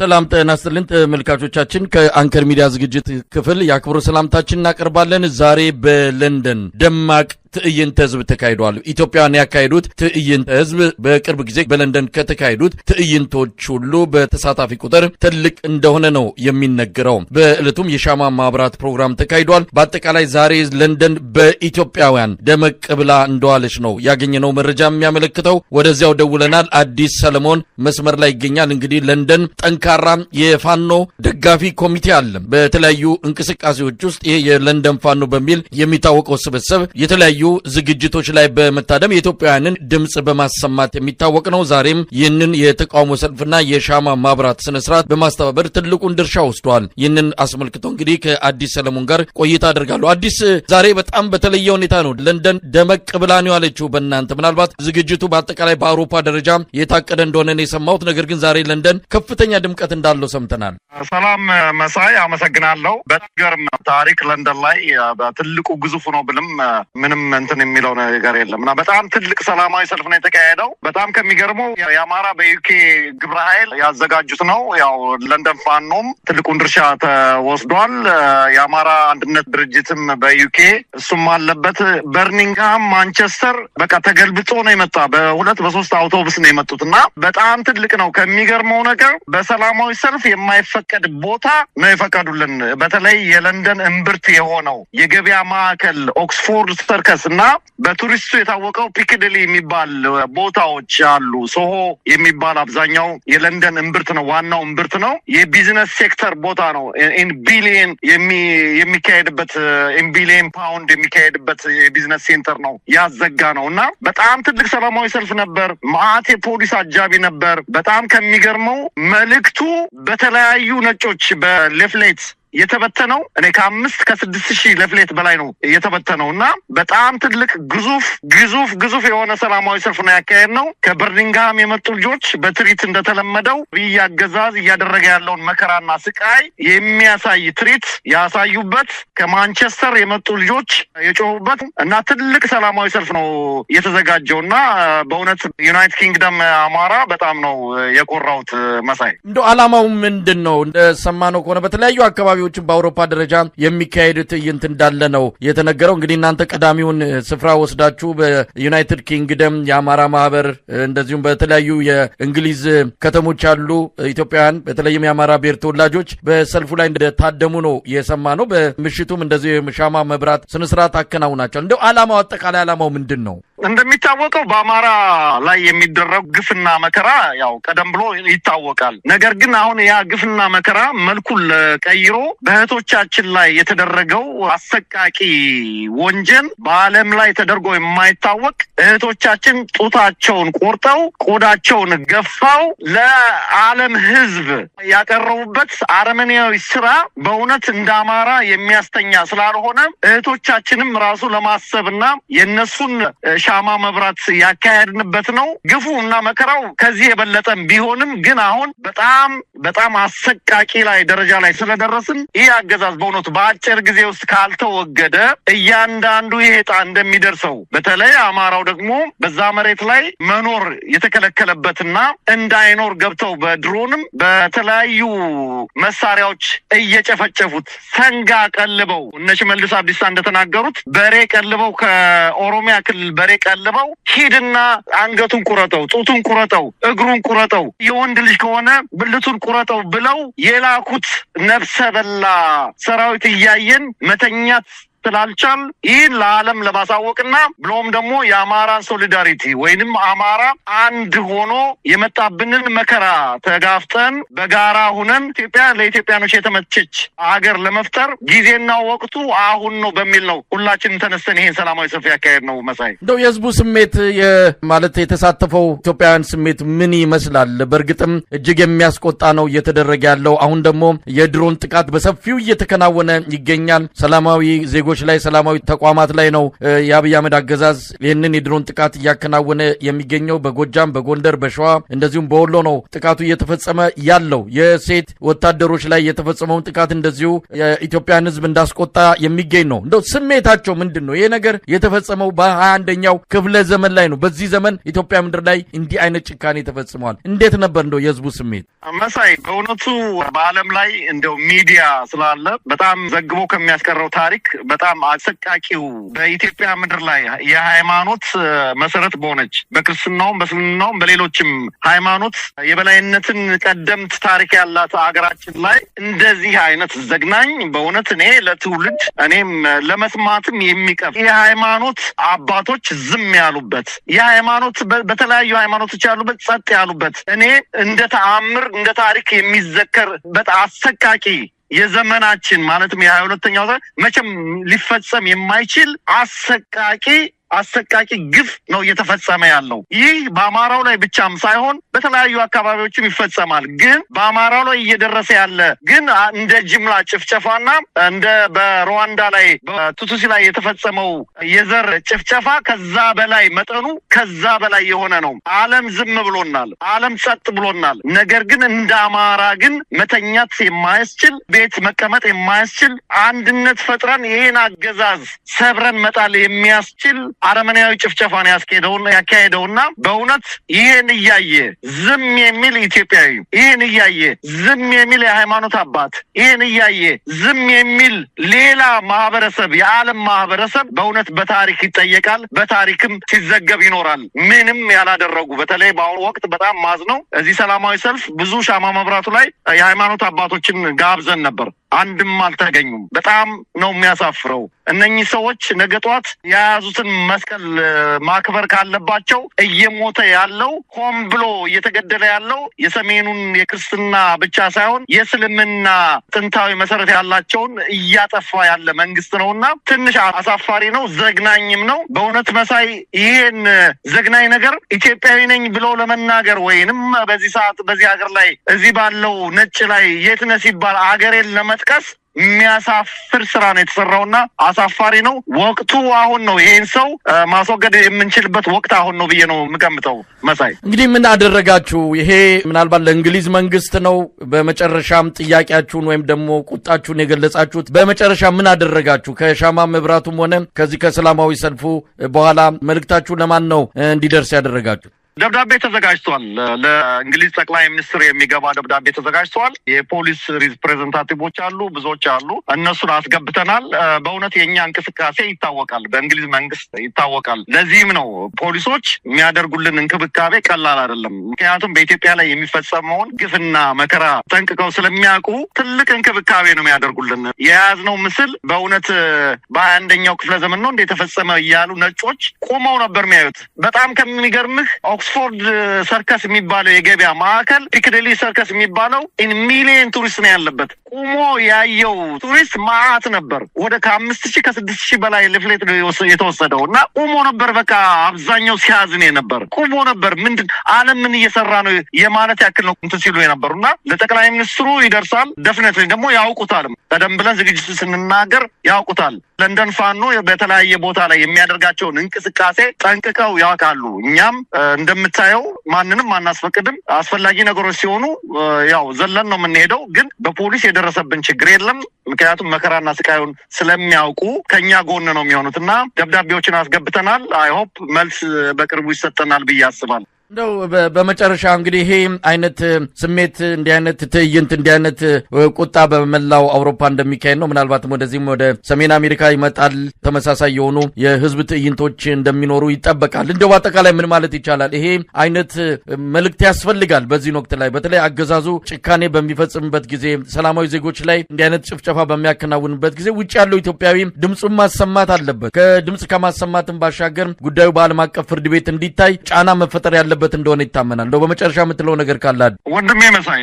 ሰላም ጤና ይስጥልን ተመልካቾቻችን፣ ከአንከር ሚዲያ ዝግጅት ክፍል የአክብሮ ሰላምታችን እናቀርባለን። ዛሬ በለንደን ደማቅ ትዕይንተ ህዝብ ተካሂዷል። ኢትዮጵያውያን ያካሄዱት ትዕይንተ ህዝብ በቅርብ ጊዜ በለንደን ከተካሄዱት ትዕይንቶች ሁሉ በተሳታፊ ቁጥር ትልቅ እንደሆነ ነው የሚነገረው። በዕለቱም የሻማ ማብራት ፕሮግራም ተካሂዷል። በአጠቃላይ ዛሬ ለንደን በኢትዮጵያውያን ደመቅ ብላ እንደዋለች ነው ያገኘነው መረጃ የሚያመለክተው። ወደዚያው ደውለናል። አዲስ ሰለሞን መስመር ላይ ይገኛል። እንግዲህ ለንደን ጠንካራ የፋኖ ደጋፊ ኮሚቴ አለ። በተለያዩ እንቅስቃሴዎች ውስጥ ይሄ የለንደን ፋኖ በሚል የሚታወቀው ስብስብ የተለያዩ ዝግጅቶች ላይ በመታደም የኢትዮጵያውያንን ድምፅ በማሰማት የሚታወቅ ነው። ዛሬም ይህንን የተቃውሞ ሰልፍና የሻማ ማብራት ስነስርዓት በማስተባበር ትልቁን ድርሻ ወስዷል። ይህንን አስመልክቶ እንግዲህ ከአዲስ ሰለሞን ጋር ቆይታ አደርጋለሁ። አዲስ ዛሬ በጣም በተለየ ሁኔታ ነው ለንደን ደመቅ ብላ ነው ያለችው። በእናንተ ምናልባት ዝግጅቱ በአጠቃላይ በአውሮፓ ደረጃ የታቀደ እንደሆነ ነው የሰማሁት። ነገር ግን ዛሬ ለንደን ከፍተኛ ድምቀት እንዳለው ሰምተናል። ሰላም መሳይ፣ አመሰግናለሁ። በሚገርም ታሪክ ለንደን ላይ በትልቁ ግዙፍ ነው ብልም ምንም እንትን የሚለው ነገር የለም እና በጣም ትልቅ ሰላማዊ ሰልፍ ነው የተካሄደው። በጣም ከሚገርመው የአማራ በዩኬ ግብረ ኃይል ያዘጋጁት ነው። ያው ለንደን ፋኖም ትልቁን ድርሻ ተወስዷል። የአማራ አንድነት ድርጅትም በዩኬ እሱም አለበት። በርሚንግሃም፣ ማንቸስተር በቃ ተገልብጦ ነው የመጣ በሁለት በሶስት አውቶቡስ ነው የመጡት እና በጣም ትልቅ ነው። ከሚገርመው ነገር በሰላማዊ ሰልፍ የማይፈቀድ ቦታ ነው የፈቀዱልን። በተለይ የለንደን እምብርት የሆነው የገበያ ማዕከል ኦክስፎርድ ሰርከስ እና በቱሪስቱ የታወቀው ፒክደሊ የሚባል ቦታዎች አሉ። ሶሆ የሚባል አብዛኛው የለንደን እምብርት ነው፣ ዋናው እምብርት ነው። የቢዝነስ ሴክተር ቦታ ነው። ቢሊየን የሚካሄድበት ቢሊየን ፓውንድ የሚካሄድበት የቢዝነስ ሴንተር ነው። ያዘጋ ነው እና በጣም ትልቅ ሰላማዊ ሰልፍ ነበር። ማአት የፖሊስ አጃቢ ነበር። በጣም ከሚገርመው መልእክቱ በተለያዩ ነጮች በሌፍሌት የተበተነው እኔ ከአምስት ከስድስት ሺህ ለፍሌት በላይ ነው የተበተነው እና በጣም ትልቅ ግዙፍ ግዙፍ ግዙፍ የሆነ ሰላማዊ ሰልፍ ነው ያካሄድ ነው። ከበርሚንግሃም የመጡ ልጆች በትርኢት እንደተለመደው አብይ አገዛዝ እያደረገ ያለውን መከራና ስቃይ የሚያሳይ ትርኢት ያሳዩበት፣ ከማንቸስተር የመጡ ልጆች የጮሁበት እና ትልቅ ሰላማዊ ሰልፍ ነው የተዘጋጀው እና በእውነት ዩናይትድ ኪንግደም አማራ በጣም ነው የኮራውት መሳይ እንደ አላማው ምንድን ነው? እንደሰማነው ከሆነ በተለያዩ አካባቢ አካባቢዎችን በአውሮፓ ደረጃ የሚካሄድ ትዕይንት እንዳለ ነው የተነገረው። እንግዲህ እናንተ ቀዳሚውን ስፍራ ወስዳችሁ በዩናይትድ ኪንግደም የአማራ ማህበር እንደዚሁም በተለያዩ የእንግሊዝ ከተሞች ያሉ ኢትዮጵያውያን በተለይም የአማራ ብሔር ተወላጆች በሰልፉ ላይ እንደታደሙ ነው የሰማ ነው። በምሽቱም እንደዚሁ የሻማ መብራት ስነስርዓት አከናውናቸዋል። እንደው አላማው አጠቃላይ አላማው ምንድን ነው? እንደሚታወቀው በአማራ ላይ የሚደረጉ ግፍና መከራ ያው ቀደም ብሎ ይታወቃል። ነገር ግን አሁን ያ ግፍና መከራ መልኩን ቀይሮ በእህቶቻችን ላይ የተደረገው አሰቃቂ ወንጀል በዓለም ላይ ተደርጎ የማይታወቅ እህቶቻችን ጡታቸውን ቆርጠው ቆዳቸውን ገፋው ለዓለም ሕዝብ ያቀረቡበት አረመኔያዊ ስራ በእውነት እንደ አማራ የሚያስተኛ ስላልሆነ እህቶቻችንም ራሱ ለማሰብና የእነሱን ሻማ መብራት ያካሄድንበት ነው። ግፉ እና መከራው ከዚህ የበለጠም ቢሆንም ግን አሁን በጣም በጣም አሰቃቂ ላይ ደረጃ ላይ ስለደረስን ይህ አገዛዝ በእውነቱ በአጭር ጊዜ ውስጥ ካልተወገደ እያንዳንዱ ይሄ እንደሚደርሰው በተለይ አማራው ደግሞ በዛ መሬት ላይ መኖር የተከለከለበትና እንዳይኖር ገብተው በድሮንም በተለያዩ መሳሪያዎች እየጨፈጨፉት ሰንጋ ቀልበው እነ ሽመልስ አብዲሳ እንደተናገሩት በሬ ቀልበው ከኦሮሚያ ክልል በሬ ቀልበው ሂድና አንገቱን ቁረጠው፣ ጡቱን ቁረጠው፣ እግሩን ቁረጠው፣ የወንድ ልጅ ከሆነ ብልቱን ቁረጠው ብለው የላኩት ነፍሰ በላ ሰራዊት እያየን መተኛት ስላልቻል ይህን ለዓለም ለማሳወቅና ብሎም ደግሞ የአማራን ሶሊዳሪቲ ወይንም አማራ አንድ ሆኖ የመጣብንን መከራ ተጋፍጠን በጋራ ሁነን ኢትዮጵያ ለኢትዮጵያኖች የተመቸች አገር ለመፍጠር ጊዜና ወቅቱ አሁን ነው በሚል ነው ሁላችን ተነስተን ይህን ሰላማዊ ሰልፍ ያካሄድ ነው። መሳይ እንደው የህዝቡ ስሜት ማለት የተሳተፈው ኢትዮጵያውያን ስሜት ምን ይመስላል? በእርግጥም እጅግ የሚያስቆጣ ነው እየተደረገ ያለው። አሁን ደግሞ የድሮን ጥቃት በሰፊው እየተከናወነ ይገኛል። ሰላማዊ ዜጎች ዜጎች ላይ፣ ሰላማዊ ተቋማት ላይ ነው የአብይ አህመድ አገዛዝ ይህንን የድሮን ጥቃት እያከናወነ የሚገኘው። በጎጃም፣ በጎንደር፣ በሸዋ እንደዚሁም በወሎ ነው ጥቃቱ እየተፈጸመ ያለው። የሴት ወታደሮች ላይ የተፈጸመውን ጥቃት እንደዚሁ የኢትዮጵያን ህዝብ እንዳስቆጣ የሚገኝ ነው። እንደው ስሜታቸው ምንድን ነው? ይህ ነገር የተፈጸመው በሀያ አንደኛው ክፍለ ዘመን ላይ ነው። በዚህ ዘመን ኢትዮጵያ ምድር ላይ እንዲህ አይነት ጭካኔ ተፈጽመዋል። እንዴት ነበር እንደው የህዝቡ ስሜት? መሳይ፣ በእውነቱ በአለም ላይ እንደው ሚዲያ ስላለ በጣም ዘግቦ ከሚያስቀረው ታሪክ በጣም አሰቃቂው በኢትዮጵያ ምድር ላይ የሃይማኖት መሰረት በሆነች በክርስትናውም በእስልምናውም በሌሎችም ሃይማኖት የበላይነትን ቀደምት ታሪክ ያላት ሀገራችን ላይ እንደዚህ አይነት ዘግናኝ በእውነት እኔ ለትውልድ እኔም ለመስማትም የሚቀፍ የሃይማኖት አባቶች ዝም ያሉበት የሃይማኖት በተለያዩ ሃይማኖቶች ያሉበት ጸጥ ያሉበት እኔ እንደ ተአምር እንደ ታሪክ በጣም አሰቃቂ የዘመናችን ማለትም የሀያ ሁለተኛው መቼም ሊፈጸም የማይችል አሰቃቂ አሰቃቂ ግፍ ነው እየተፈጸመ ያለው። ይህ በአማራው ላይ ብቻም ሳይሆን በተለያዩ አካባቢዎችም ይፈጸማል። ግን በአማራው ላይ እየደረሰ ያለ ግን እንደ ጅምላ ጭፍጨፋና እንደ በሩዋንዳ ላይ በቱቱሲ ላይ የተፈጸመው የዘር ጭፍጨፋ ከዛ በላይ መጠኑ ከዛ በላይ የሆነ ነው። ዓለም ዝም ብሎናል። ዓለም ጸጥ ብሎናል። ነገር ግን እንደ አማራ ግን መተኛት የማያስችል ቤት መቀመጥ የማያስችል አንድነት ፈጥረን ይህን አገዛዝ ሰብረን መጣል የሚያስችል አረመኔያዊ ጭፍጨፋን ያስኬደውና ያካሄደውና በእውነት ይህን እያየ ዝም የሚል ኢትዮጵያዊ፣ ይህን እያየ ዝም የሚል የሃይማኖት አባት፣ ይህን እያየ ዝም የሚል ሌላ ማህበረሰብ፣ የዓለም ማህበረሰብ በእውነት በታሪክ ይጠየቃል። በታሪክም ሲዘገብ ይኖራል። ምንም ያላደረጉ በተለይ በአሁኑ ወቅት በጣም ማዝ ነው። እዚህ ሰላማዊ ሰልፍ ብዙ ሻማ መብራቱ ላይ የሃይማኖት አባቶችን ጋብዘን ነበር። አንድም አልተገኙም። በጣም ነው የሚያሳፍረው። እነኚህ ሰዎች ነገ ጠዋት የያዙትን መስቀል ማክበር ካለባቸው እየሞተ ያለው ሆን ብሎ እየተገደለ ያለው የሰሜኑን የክርስትና ብቻ ሳይሆን የእስልምና ጥንታዊ መሰረት ያላቸውን እያጠፋ ያለ መንግስት ነው እና ትንሽ አሳፋሪ ነው፣ ዘግናኝም ነው በእውነት መሳይ ይሄን ዘግናኝ ነገር ኢትዮጵያዊ ነኝ ብሎ ለመናገር ወይንም በዚህ ሰዓት በዚህ ሀገር ላይ እዚህ ባለው ነጭ ላይ የትነ ሲባል አገሬን ለመጠ መቀስቀስ የሚያሳፍር ስራ ነው የተሰራውና አሳፋሪ ነው። ወቅቱ አሁን ነው። ይህን ሰው ማስወገድ የምንችልበት ወቅት አሁን ነው ብዬ ነው የምገምተው። መሳይ እንግዲህ ምን አደረጋችሁ? ይሄ ምናልባት ለእንግሊዝ መንግስት ነው። በመጨረሻም ጥያቄያችሁን ወይም ደግሞ ቁጣችሁን የገለጻችሁት በመጨረሻ ምን አደረጋችሁ? ከሻማ መብራቱም ሆነ ከዚህ ከሰላማዊ ሰልፉ በኋላ መልእክታችሁ ለማን ነው እንዲደርስ ያደረጋችሁ? ደብዳቤ ተዘጋጅቷል። ለእንግሊዝ ጠቅላይ ሚኒስትር የሚገባ ደብዳቤ ተዘጋጅቷል። የፖሊስ ሪፕሬዘንታቲቮች አሉ፣ ብዙዎች አሉ። እነሱን አስገብተናል። በእውነት የእኛ እንቅስቃሴ ይታወቃል፣ በእንግሊዝ መንግስት ይታወቃል። ለዚህም ነው ፖሊሶች የሚያደርጉልን እንክብካቤ ቀላል አይደለም። ምክንያቱም በኢትዮጵያ ላይ የሚፈጸመውን ግፍና መከራ ጠንቅቀው ስለሚያውቁ ትልቅ እንክብካቤ ነው የሚያደርጉልን። የያዝነው ምስል በእውነት በሀያ አንደኛው ክፍለ ዘመን ነው እንደ የተፈጸመ እያሉ ነጮች ቆመው ነበር የሚያዩት። በጣም ከሚገርምህ ኦክስፎርድ ሰርከስ የሚባለው የገበያ ማዕከል ፒክደሊ ሰርከስ የሚባለው ሚሊየን ቱሪስት ነው ያለበት። ቁሞ ያየው ቱሪስት ማአት ነበር። ወደ ከአምስት ሺህ ከስድስት ሺህ በላይ ልፍሌት ነው የተወሰደው እና ቁሞ ነበር። በቃ አብዛኛው ሲያዝን ነበር፣ ቁሞ ነበር። ምንድን አለም ምን እየሰራ ነው የማለት ያክል ነው እንትን ሲሉ የነበሩ እና ለጠቅላይ ሚኒስትሩ ይደርሳል። ደፍነት ደግሞ ያውቁታል። ቀደም ብለን ዝግጅቱ ስንናገር ያውቁታል። ለንደን ፋኖ በተለያየ ቦታ ላይ የሚያደርጋቸውን እንቅስቃሴ ጠንቅቀው ያውቃሉ። እኛም እንደምታየው ማንንም አናስፈቅድም። አስፈላጊ ነገሮች ሲሆኑ ያው ዘለን ነው የምንሄደው። ግን በፖሊስ የደ የደረሰብን ችግር የለም። ምክንያቱም መከራና ስቃዩን ስለሚያውቁ ከኛ ጎን ነው የሚሆኑት እና ደብዳቤዎችን አስገብተናል። አይሆፕ መልስ በቅርቡ ይሰጠናል ብዬ አስባለሁ። እንደው በመጨረሻ እንግዲህ ይሄ አይነት ስሜት እንዲህ አይነት ትዕይንት እንዲህ አይነት ቁጣ በመላው አውሮፓ እንደሚካሄድ ነው። ምናልባትም ወደዚህም ወደ ሰሜን አሜሪካ ይመጣል። ተመሳሳይ የሆኑ የህዝብ ትዕይንቶች እንደሚኖሩ ይጠበቃል። እንደው አጠቃላይ ምን ማለት ይቻላል? ይሄ አይነት መልእክት ያስፈልጋል በዚህን ወቅት ላይ በተለይ አገዛዙ ጭካኔ በሚፈጽምበት ጊዜ፣ ሰላማዊ ዜጎች ላይ እንዲህ አይነት ጭፍጨፋ በሚያከናውንበት ጊዜ ውጭ ያለው ኢትዮጵያዊ ድምፁን ማሰማት አለበት። ከድምፅ ከማሰማትም ባሻገር ጉዳዩ በዓለም አቀፍ ፍርድ ቤት እንዲታይ ጫና መፈጠር ያለ ያለበት እንደሆነ ይታመናል። እንደው በመጨረሻ የምትለው ነገር ካለ ወንድሜ መሳይ